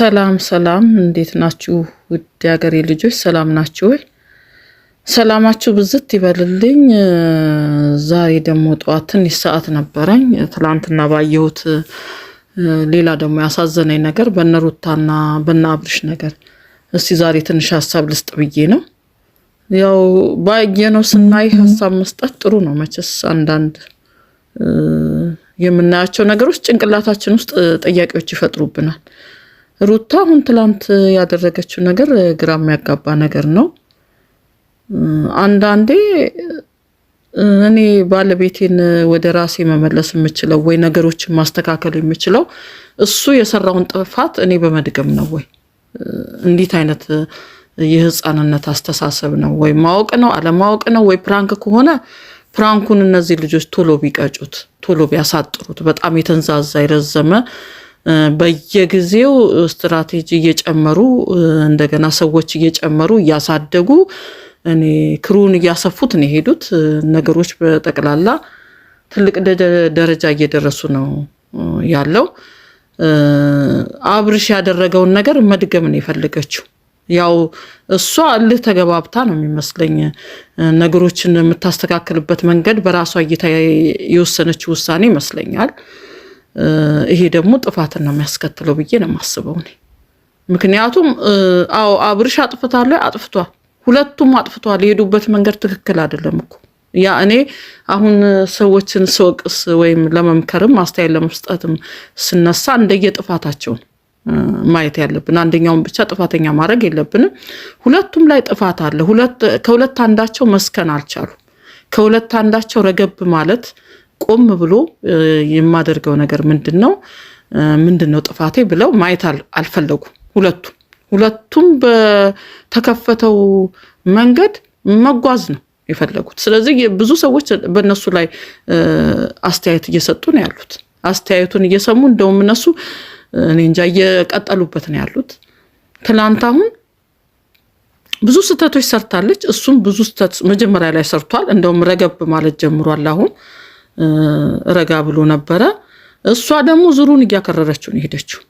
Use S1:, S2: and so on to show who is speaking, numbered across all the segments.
S1: ሰላም ሰላም፣ እንዴት ናችሁ? ውድ ሀገሬ ልጆች ሰላም ናችሁ ወይ? ሰላማችሁ ብዝት ይበልልኝ። ዛሬ ደግሞ ጠዋት ትንሽ ሰዓት ነበረኝ። ትላንትና ባየሁት ሌላ ደግሞ ያሳዘነኝ ነገር በነሩታና በነ ነገር እስቲ ዛሬ ትንሽ ሀሳብ ልስጥ ብዬ ነው። ያው ባየነው ስናይ ሀሳብ መስጠት ጥሩ ነው። መቼስ አንዳንድ የምናያቸው ነገሮች ጭንቅላታችን ውስጥ ጥያቄዎች ይፈጥሩብናል። ሩታ አሁን ትላንት ያደረገችው ነገር ግራ የሚያጋባ ነገር ነው። አንዳንዴ እኔ ባለቤቴን ወደ ራሴ መመለስ የምችለው ወይ ነገሮችን ማስተካከል የምችለው እሱ የሰራውን ጥፋት እኔ በመድገም ነው ወይ እንዴት አይነት የህፃንነት አስተሳሰብ ነው? ወይ ማወቅ ነው አለማወቅ ነው? ወይ ፕራንክ ከሆነ ፕራንኩን እነዚህ ልጆች ቶሎ ቢቀጩት ቶሎ ቢያሳጥሩት። በጣም የተንዛዛ የረዘመ በየጊዜው ስትራቴጂ እየጨመሩ እንደገና ሰዎች እየጨመሩ እያሳደጉ እኔ ክሩን እያሰፉት ነው የሄዱት። ነገሮች በጠቅላላ ትልቅ ደረጃ እየደረሱ ነው ያለው። አብርሽ ያደረገውን ነገር መድገም ነው የፈለገችው። ያው እሷ እልህ ተገባብታ ነው የሚመስለኝ ነገሮችን የምታስተካክልበት መንገድ በራሷ እይታ የወሰነችው ውሳኔ ይመስለኛል። ይሄ ደግሞ ጥፋትን ነው የሚያስከትለው ብዬ ነው የማስበው እኔ። ምክንያቱም አዎ አብርሽ አጥፍታለ አጥፍቷል፣ ሁለቱም አጥፍቷል። የሄዱበት መንገድ ትክክል አይደለም እኮ ያ እኔ አሁን ሰዎችን ስወቅስ ወይም ለመምከርም አስተያየት ለመስጠትም ስነሳ እንደየጥፋታቸውን ማየት ያለብን አንደኛውን ብቻ ጥፋተኛ ማድረግ የለብንም። ሁለቱም ላይ ጥፋት አለ። ከሁለት አንዳቸው መስከን አልቻሉም። ከሁለት አንዳቸው ረገብ ማለት ቆም ብሎ የማደርገው ነገር ምንድን ነው ምንድን ነው ጥፋቴ ብለው ማየት አልፈለጉም። ሁለቱም ሁለቱም በተከፈተው መንገድ መጓዝ ነው የፈለጉት። ስለዚህ ብዙ ሰዎች በእነሱ ላይ አስተያየት እየሰጡ ነው ያሉት። አስተያየቱን እየሰሙ እንደውም እነሱ እኔ እንጃ እየቀጠሉበት ነው ያሉት። ትላንት አሁን ብዙ ስህተቶች ሰርታለች። እሱም ብዙ ስህተት መጀመሪያ ላይ ሰርቷል። እንደውም ረገብ ማለት ጀምሯል አሁን ረጋ ብሎ ነበረ። እሷ ደግሞ ዙሩን እያከረረችው ነው የሄደችው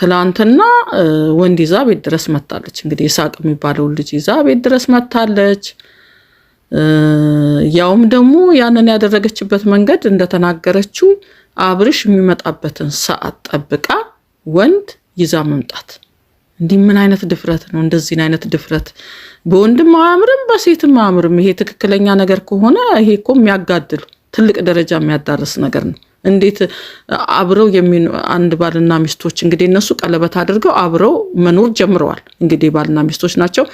S1: ትላንትና ወንድ ይዛ ቤት ድረስ መታለች። እንግዲህ ይሳቅ የሚባለውን ልጅ ይዛ ቤት ድረስ መታለች። ያውም ደግሞ ያንን ያደረገችበት መንገድ እንደተናገረችው አብርሽ የሚመጣበትን ሰዓት ጠብቃ ወንድ ይዛ መምጣት እንዲህ ምን አይነት ድፍረት ነው? እንደዚህን አይነት ድፍረት በወንድም አያምርም፣ በሴትም አያምርም። ይሄ ትክክለኛ ነገር ከሆነ ይሄ እኮ የሚያጋድል ትልቅ ደረጃ የሚያዳርስ ነገር ነው። እንዴት አብረው አንድ ባልና ሚስቶች እንግዲህ እነሱ ቀለበት አድርገው አብረው መኖር ጀምረዋል። እንግዲህ ባልና ሚስቶች ናቸው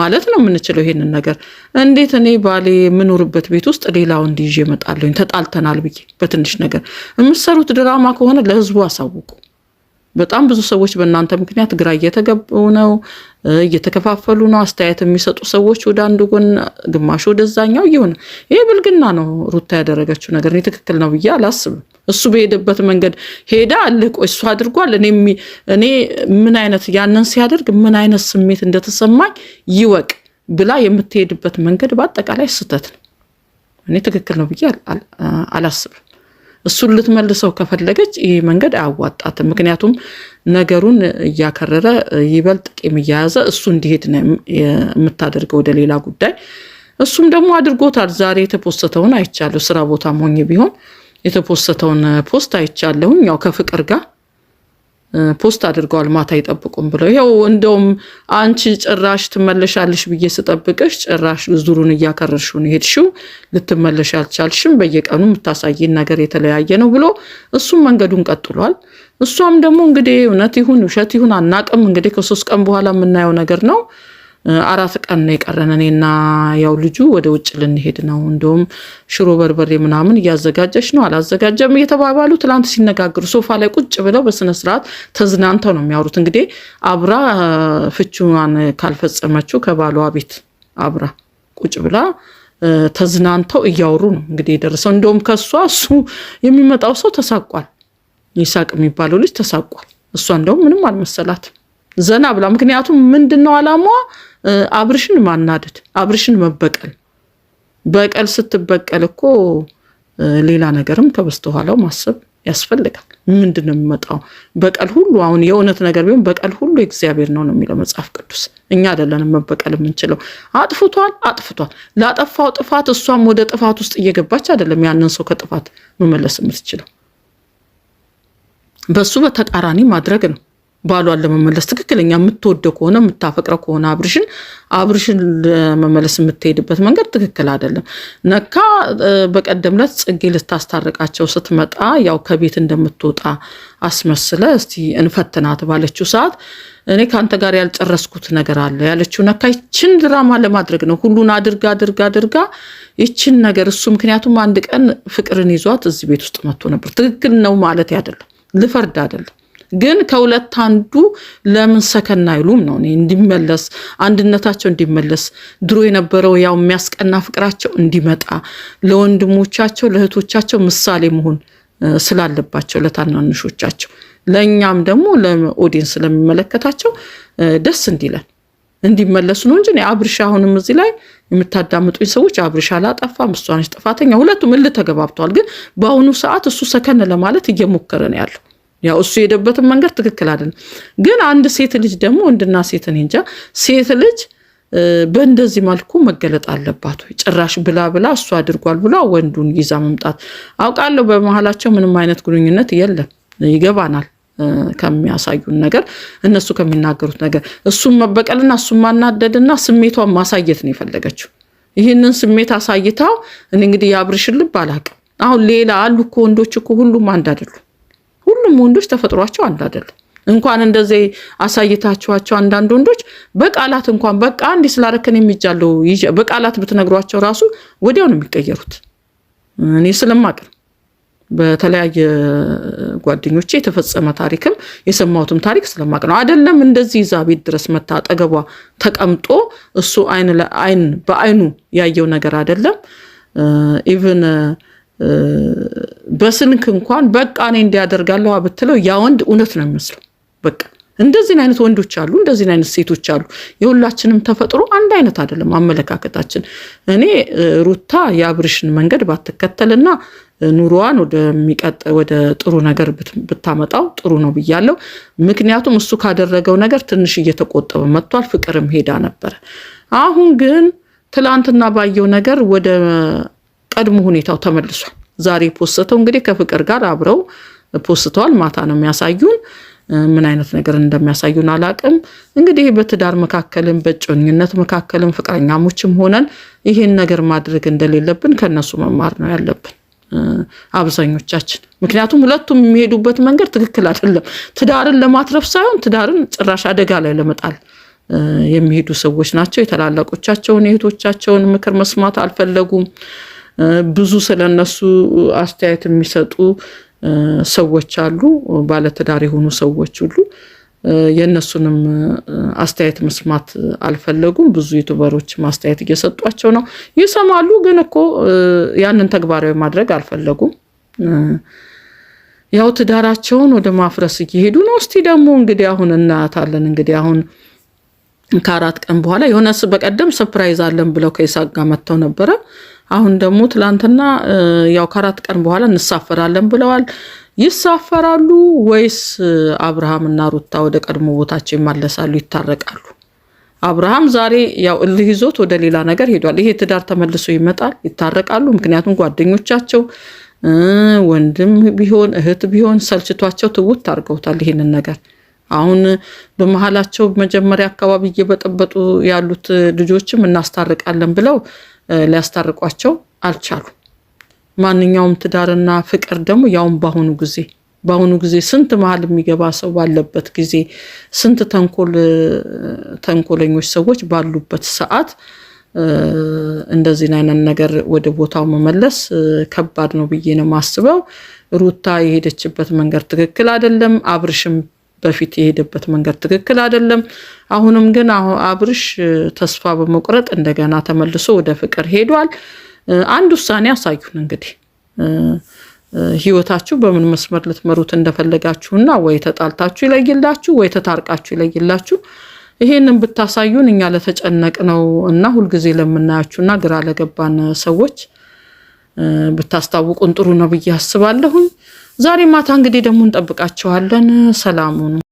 S1: ማለት ነው የምንችለው ይሄንን ነገር። እንዴት እኔ ባሌ የምኖርበት ቤት ውስጥ ሌላ ወንድ ይዤ እመጣለሁ ተጣልተናል ብዬ በትንሽ ነገር የምትሰሩት ድራማ ከሆነ ለህዝቡ አሳውቁ። በጣም ብዙ ሰዎች በእናንተ ምክንያት ግራ እየተገቡ ነው፣ እየተከፋፈሉ ነው። አስተያየት የሚሰጡ ሰዎች ወደ አንዱ ጎን፣ ግማሹ ወደዛኛው እየሆነ ይህ ብልግና ነው። ሩታ ያደረገችው ነገር እኔ ትክክል ነው ብዬ አላስብም። እሱ በሄደበት መንገድ ሄዳ እልህ እሱ አድርጓል። እኔ ምን አይነት ያንን ሲያደርግ ምን አይነት ስሜት እንደተሰማኝ ይወቅ ብላ የምትሄድበት መንገድ በአጠቃላይ ስህተት ነው። እኔ ትክክል ነው ብዬ አላስብም። እሱን ልትመልሰው ከፈለገች ይህ መንገድ አያዋጣትም። ምክንያቱም ነገሩን እያከረረ ይበልጥ ቂም እያያዘ እሱ እንዲሄድ ነው የምታደርገው ወደ ሌላ ጉዳይ። እሱም ደግሞ አድርጎታል። ዛሬ የተፖሰተውን አይቻለሁ። ስራ ቦታም ሆኜ ቢሆን የተፖሰተውን ፖስት አይቻለሁኝ። ያው ከፍቅር ጋር ፖስት አድርገዋል። ማታ አይጠብቁም ብለው ይኸው እንደውም አንቺ ጭራሽ ትመለሻለሽ ብዬ ስጠብቅሽ ጭራሽ ዙሩን እያከረርሽው ሄድሽው፣ ልትመለሽ አልቻልሽም፣ በየቀኑ የምታሳይን ነገር የተለያየ ነው ብሎ እሱም መንገዱን ቀጥሏል። እሷም ደግሞ እንግዲህ እውነት ይሁን ውሸት ይሁን አናቅም። እንግዲህ ከሶስት ቀን በኋላ የምናየው ነገር ነው። አራት ቀን ነው የቀረን። እኔና ያው ልጁ ወደ ውጭ ልንሄድ ነው። እንዲሁም ሽሮ በርበሬ ምናምን እያዘጋጀች ነው አላዘጋጀም እየተባባሉ ትላንት ሲነጋገሩ ሶፋ ላይ ቁጭ ብለው በስነስርዓት ተዝናንተው ነው የሚያወሩት። እንግዲህ አብራ ፍቺዋን ካልፈጸመችው ከባሏ ቤት አብራ ቁጭ ብላ ተዝናንተው እያወሩ ነው እንግዲህ የደረሰው። እንደውም ከእሷ እሱ የሚመጣው ሰው ተሳቋል። ይሳቅ የሚባለው ልጅ ተሳቋል። እሷ እንደውም ምንም አልመሰላትም። ዘና ብላ። ምክንያቱም ምንድን ነው አላማዋ አብርሽን ማናደድ፣ አብርሽን መበቀል። በቀል ስትበቀል እኮ ሌላ ነገርም ከበስተኋላው ማሰብ ያስፈልጋል። ምንድን ነው የሚመጣው? በቀል ሁሉ አሁን የእውነት ነገር ቢሆን በቀል ሁሉ እግዚአብሔር ነው ነው የሚለው መጽሐፍ ቅዱስ። እኛ አይደለንም መበቀል የምንችለው። አጥፍቷል፣ አጥፍቷል። ላጠፋው ጥፋት እሷም ወደ ጥፋት ውስጥ እየገባች አይደለም ያንን ሰው ከጥፋት መመለስ የምትችለው፣ በሱ በተቃራኒ ማድረግ ነው። ባሏን ለመመለስ ትክክለኛ የምትወደው ከሆነ የምታፈቅረው ከሆነ አብርሽን አብርሽን ለመመለስ የምትሄድበት መንገድ ትክክል አይደለም። ነካ በቀደም ዕለት ጽጌ ልታስታርቃቸው ስትመጣ ያው ከቤት እንደምትወጣ አስመስለ እስቲ እንፈትናት ባለችው ሰዓት እኔ ከአንተ ጋር ያልጨረስኩት ነገር አለ ያለችው ነካ ይችን ድራማ ለማድረግ ነው። ሁሉን አድርጋ አድርጋ አድርጋ ይችን ነገር እሱ ምክንያቱም አንድ ቀን ፍቅርን ይዟት እዚህ ቤት ውስጥ መጥቶ ነበር። ትክክል ነው ማለት አይደለም፣ ልፈርድ አይደለም። ግን ከሁለት አንዱ ለምን ሰከን አይሉም ነው። እንዲመለስ አንድነታቸው እንዲመለስ ድሮ የነበረው ያው የሚያስቀና ፍቅራቸው እንዲመጣ ለወንድሞቻቸው ለእህቶቻቸው ምሳሌ መሆን ስላለባቸው ለታናንሾቻቸው፣ ለእኛም ደግሞ ለኦዲየንስ ስለሚመለከታቸው ደስ እንዲለን እንዲመለሱ ነው እንጂ አብርሻ አሁንም እዚህ ላይ የምታዳምጡኝ ሰዎች አብርሻ ላጠፋ ምስቷነች ጥፋተኛ። ሁለቱም እልህ ተገባብተዋል። ግን በአሁኑ ሰዓት እሱ ሰከን ለማለት እየሞከረ ነው ያለው። ያው እሱ የሄደበትን መንገድ ትክክል አይደለም። ግን አንድ ሴት ልጅ ደግሞ ወንድና ሴትን እንጃ ሴት ልጅ በእንደዚህ መልኩ መገለጥ አለባት ወይ? ጭራሽ ብላ ብላ እሱ አድርጓል ብላ ወንዱን ይዛ መምጣት። አውቃለሁ በመሀላቸው ምንም አይነት ግንኙነት የለም፣ ይገባናል ከሚያሳዩን ነገር እነሱ ከሚናገሩት ነገር እሱን መበቀልና እሱን ማናደድና ስሜቷን ማሳየት ነው የፈለገችው። ይህንን ስሜት አሳይታው እኔ እንግዲህ የአብርሽን ልብ አላውቅም። አሁን ሌላ አሉ እኮ ወንዶች እኮ ሁሉም አንድ አይደሉም። ሁሉም ወንዶች ተፈጥሯቸው አንድ አይደለም። እንኳን እንደዚህ አሳይታችኋቸው አንዳንድ ወንዶች በቃላት እንኳን በቃ እንዲህ ስላረከን የሚጃለው በቃላት ብትነግሯቸው ራሱ ወዲያው ነው የሚቀየሩት። እኔ ስለማቅ በተለያየ ጓደኞቼ የተፈጸመ ታሪክም የሰማሁትም ታሪክ ስለማቅ ነው። አይደለም እንደዚህ ይዛ ቤት ድረስ መታ አጠገቧ ተቀምጦ እሱ አይን በአይኑ ያየው ነገር አይደለም ኢቭን በስንክ እንኳን በቃ እኔ እንዲያደርጋለሁ ብትለው ያ ወንድ እውነት ነው የሚመስለው። በቃ እንደዚህን አይነት ወንዶች አሉ፣ እንደዚህን አይነት ሴቶች አሉ። የሁላችንም ተፈጥሮ አንድ አይነት አይደለም አመለካከታችን። እኔ ሩታ የአብርሽን መንገድ ባትከተልና ኑሮዋን ወደሚቀጥ ወደ ጥሩ ነገር ብታመጣው ጥሩ ነው ብያለው። ምክንያቱም እሱ ካደረገው ነገር ትንሽ እየተቆጠበ መጥቷል። ፍቅርም ሄዳ ነበረ። አሁን ግን ትላንትና ባየው ነገር ወደ ቀድሞ ሁኔታው ተመልሷል። ዛሬ ፖስተው እንግዲህ ከፍቅር ጋር አብረው ፖስተዋል። ማታ ነው የሚያሳዩን። ምን አይነት ነገር እንደሚያሳዩን አላቅም። እንግዲህ በትዳር መካከልም በጮኝነት መካከልም ፍቅረኛሞችም ሆነን ይህን ነገር ማድረግ እንደሌለብን ከነሱ መማር ነው ያለብን አብዛኞቻችን። ምክንያቱም ሁለቱም የሚሄዱበት መንገድ ትክክል አይደለም። ትዳርን ለማትረፍ ሳይሆን ትዳርን ጭራሽ አደጋ ላይ ለመጣል የሚሄዱ ሰዎች ናቸው። የታላላቆቻቸውን የእህቶቻቸውን ምክር መስማት አልፈለጉም። ብዙ ስለነሱ አስተያየት የሚሰጡ ሰዎች አሉ። ባለትዳር የሆኑ ሰዎች ሁሉ የእነሱንም አስተያየት መስማት አልፈለጉም። ብዙ ዩቱበሮች አስተያየት እየሰጧቸው ነው፣ ይሰማሉ። ግን እኮ ያንን ተግባራዊ ማድረግ አልፈለጉም። ያው ትዳራቸውን ወደ ማፍረስ እየሄዱ ነው። እስቲ ደግሞ እንግዲህ አሁን እናያታለን። እንግዲህ አሁን ከአራት ቀን በኋላ የሆነ በቀደም ሰፕራይዝ አለን ብለው ከይሳቅ ጋር መጥተው ነበረ አሁን ደግሞ ትላንትና ያው ከአራት ቀን በኋላ እንሳፈራለን ብለዋል። ይሳፈራሉ ወይስ አብርሃም እና ሩታ ወደ ቀድሞ ቦታቸው ይመለሳሉ፣ ይታረቃሉ? አብርሃም ዛሬ ያው እልህ ይዞት ወደ ሌላ ነገር ሄዷል። ይሄ ትዳር ተመልሶ ይመጣል፣ ይታረቃሉ። ምክንያቱም ጓደኞቻቸው ወንድም ቢሆን እህት ቢሆን ሰልችቷቸው ትውት አድርገውታል ይሄንን ነገር አሁን በመሀላቸው መጀመሪያ አካባቢ እየበጠበጡ ያሉት ልጆችም እናስታርቃለን ብለው ሊያስታርቋቸው አልቻሉ ማንኛውም ትዳርና ፍቅር ደግሞ ያውም በአሁኑ ጊዜ በአሁኑ ጊዜ ስንት መሀል የሚገባ ሰው ባለበት ጊዜ ስንት ተንኮል ተንኮለኞች ሰዎች ባሉበት ሰዓት እንደዚህ አይነት ነገር ወደ ቦታው መመለስ ከባድ ነው ብዬ ነው ማስበው። ሩታ የሄደችበት መንገድ ትክክል አይደለም። አብርሽም በፊት የሄደበት መንገድ ትክክል አይደለም። አሁንም ግን አብርሽ ተስፋ በመቁረጥ እንደገና ተመልሶ ወደ ፍቅር ሄዷል። አንድ ውሳኔ አሳዩን እንግዲህ ህይወታችሁ በምን መስመር ልትመሩት እንደፈለጋችሁና ወይ ተጣልታችሁ ይለይላችሁ፣ ወይ ተታርቃችሁ ይለይላችሁ። ይሄንን ብታሳዩን እኛ ለተጨነቅ ነው እና ሁልጊዜ ለምናያችሁና ግራ ለገባን ሰዎች ብታስታውቁን ጥሩ ነው ብዬ አስባለሁኝ። ዛሬ ማታ እንግዲህ ደግሞ እንጠብቃቸዋለን። ሰላሙኑ